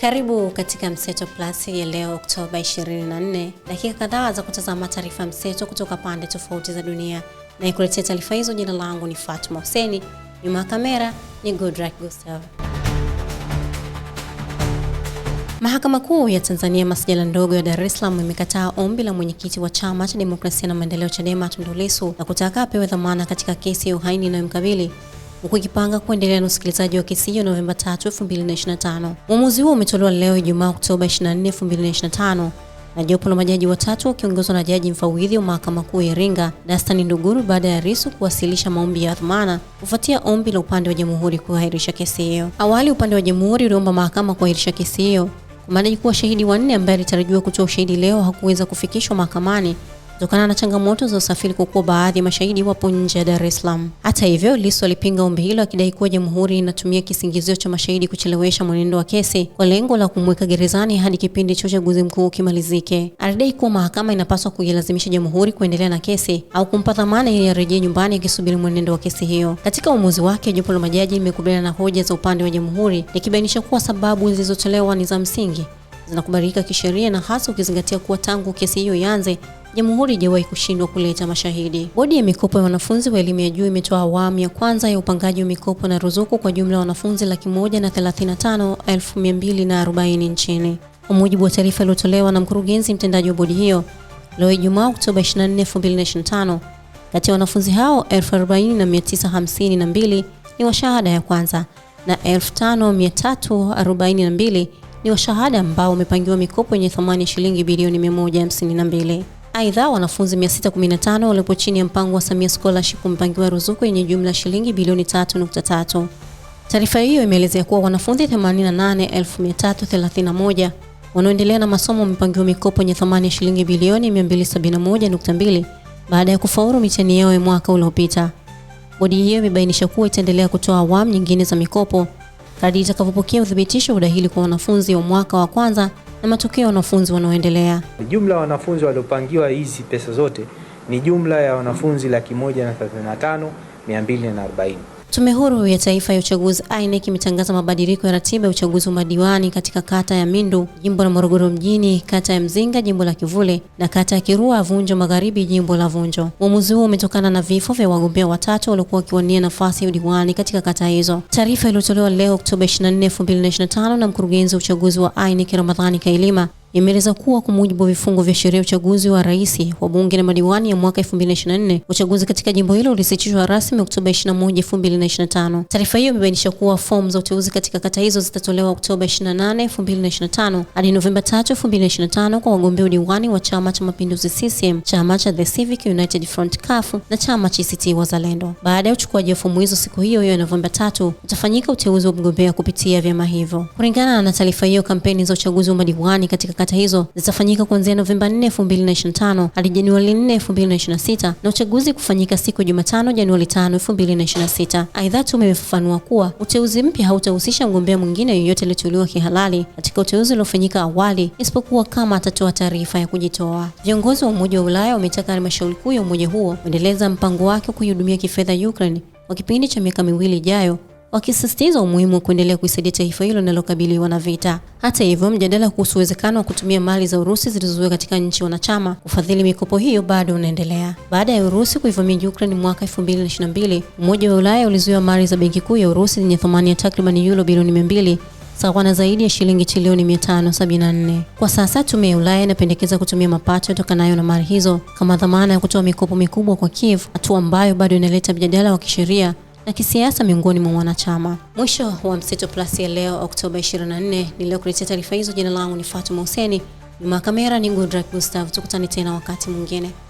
Karibu katika Mseto Plus ya leo Oktoba 24, dakika kadhaa za kutazama taarifa mseto kutoka pande tofauti za dunia na ikuletea taarifa hizo. Jina langu ni fatma Huseni, nyuma ya kamera ni Goodrak Gustav. Mahakama Kuu ya Tanzania masijala ndogo ya Dar es Salaam imekataa ombi la mwenyekiti wa Chama cha Demokrasia na Maendeleo, Chadema, Tundu Lissu, na kutaka apewe dhamana katika kesi ya uhaini inayomkabili ukijipanga kuendelea na usikilizaji wa kesi hiyo Novemba 3, 2025. Uamuzi huo umetolewa leo Ijumaa Oktoba 24, 2025 na jopo la majaji watatu wakiongozwa na jaji mfawidhi wa mahakama kuu ya Iringa Dastan Nduguru baada ya Lissu kuwasilisha maombi ya dhamana kufuatia ombi la upande wa jamhuri kuahirisha kesi hiyo. Awali upande wa jamhuri uliomba mahakama kuahirisha kesi hiyo kwa madai kuwa shahidi wanne ambaye alitarajiwa kutoa ushahidi leo hakuweza kufikishwa mahakamani kutokana na changamoto za usafiri, kwa kuwa baadhi ya mashahidi wapo nje ya Dar es Salaam. Hata hivyo, Lissu alipinga ombi hilo akidai kuwa jamhuri inatumia kisingizio cha mashahidi kuchelewesha mwenendo wa kesi kwa lengo la kumweka gerezani hadi kipindi cha uchaguzi mkuu kimalizike. Alidai kuwa mahakama inapaswa kuilazimisha jamhuri kuendelea na kesi au kumpa dhamana ili arejee nyumbani akisubiri mwenendo wa kesi hiyo. Katika uamuzi wake, jopo la majaji limekubaliana na hoja za upande wa jamhuri likibainisha kuwa sababu zilizotolewa ni za msingi zinakubalika kisheria na hasa ukizingatia kuwa tangu kesi hiyo ianze Jamhuri haijawahi kushindwa kuleta mashahidi. Bodi ya mikopo ya wanafunzi wa elimu ya juu imetoa awamu ya kwanza ya upangaji wa mikopo na ruzuku kwa jumla ya wanafunzi laki moja na thelathini na tano elfu mia mbili na arobaini nchini, kwa mujibu wa taarifa iliyotolewa na mkurugenzi mtendaji wa bodi hiyo leo Ijumaa Oktoba 24, 2025. Kati ya wanafunzi hao elfu ni wa shahada ya kwanza na 5342 ni wa shahada ni washahada ambao wamepangiwa mikopo yenye thamani ya shilingi bilioni 152. Aidha, wanafunzi 615 walipo chini ya mpango wa Samia Scholarship wamepangiwa ruzuku yenye jumla shilingi bilioni 3.3. Taarifa hiyo imeelezea kuwa wanafunzi 88,331 wanaoendelea na masomo wamepangiwa mikopo yenye thamani ya shilingi bilioni 271.2 baada ya kufaulu mitihani yao ya mwaka uliopita. Bodi hiyo imebainisha kuwa itaendelea kutoa awamu nyingine za mikopo kadi itakavyopokea uthibitisho udahili kwa wanafunzi wa mwaka wa kwanza na matokeo ya wanafunzi wanaoendelea. Jumla ya wanafunzi waliopangiwa hizi pesa zote ni jumla ya wanafunzi laki moja na thelathini na tano mia mbili na arobaini. Tume Huru ya Taifa ya Uchaguzi INEC imetangaza mabadiliko ya ratiba ya uchaguzi wa madiwani katika kata ya Mindu, jimbo la Morogoro mjini, kata ya Mzinga, jimbo la Kivule, na kata ya Kirua Vunjo Magharibi, jimbo la Vunjo. Uamuzi huo umetokana na vifo vya wagombea watatu waliokuwa wakiwania nafasi ya udiwani katika kata hizo. Taarifa iliyotolewa leo Oktoba 24, 2025 na mkurugenzi wa uchaguzi wa INEC Ramadhani Kailima imeeleza kuwa kwa mujibu wa vifungu vya sheria ya uchaguzi wa rais, bunge na madiwani ya mwaka 2024, uchaguzi katika jimbo hilo ulisitishwa rasmi Oktoba 21, 2025. Taarifa hiyo imebainisha kuwa fomu za uteuzi katika kata hizo zitatolewa Oktoba 28, 2025 hadi Novemba 3, 2025 kwa wagombea udiwani wa Chama cha Mapinduzi CCM, chama cha The Civic United Front CUF na chama cha ACT Wazalendo. Baada ya uchukuaji wa fomu hizo siku hiyo hiyo ya Novemba 3, utafanyika uteuzi wa mgombea kupitia vyama hivyo. Kulingana na taarifa hiyo, kampeni za uchaguzi wa madiwani katika Kata hizo zitafanyika kuanzia Novemba 4, 2025 hadi Januari 4, 2026 na uchaguzi kufanyika siku ya Jumatano, Januari 5, 2026. Aidha, tume imefafanua kuwa uteuzi mpya hautahusisha mgombea mwingine yoyote aliyoteuliwa kihalali katika uteuzi uliofanyika awali isipokuwa kama atatoa taarifa ya kujitoa. Viongozi wa Umoja wa Ulaya wametaka halmashauri kuu ya umoja huo kuendeleza mpango wake kuihudumia kifedha Ukraine kwa kipindi cha miaka miwili ijayo wakisisitiza umuhimu wa kuendelea kuisaidia taifa hilo linalokabiliwa na vita. Hata hivyo, mjadala kuhusu uwezekano wa kutumia mali za Urusi zilizozuiwa katika nchi wanachama kufadhili mikopo hiyo bado unaendelea. Baada ya Urusi kuivamia Ukraine mwaka 2022, Umoja wa Ulaya ulizuia mali za benki kuu ya Urusi zenye thamani ya takriban euro bilioni 200 sawa na zaidi ya shilingi trilioni 574. Kwa sasa tume ya Ulaya inapendekeza kutumia mapato yatokanayo na mali hizo kama dhamana ya kutoa mikopo mikubwa kwa Kiev, hatua ambayo bado inaleta mjadala wa kisheria na kisiasa miongoni mwa wanachama. Mwisho wa Mseto Plus ya leo Oktoba 24, niliyokuletea taarifa hizo, jina langu ni Fatuma Huseni, nyuma ya kamera ni Goodrak Gustav. Tukutane tena wakati mwingine.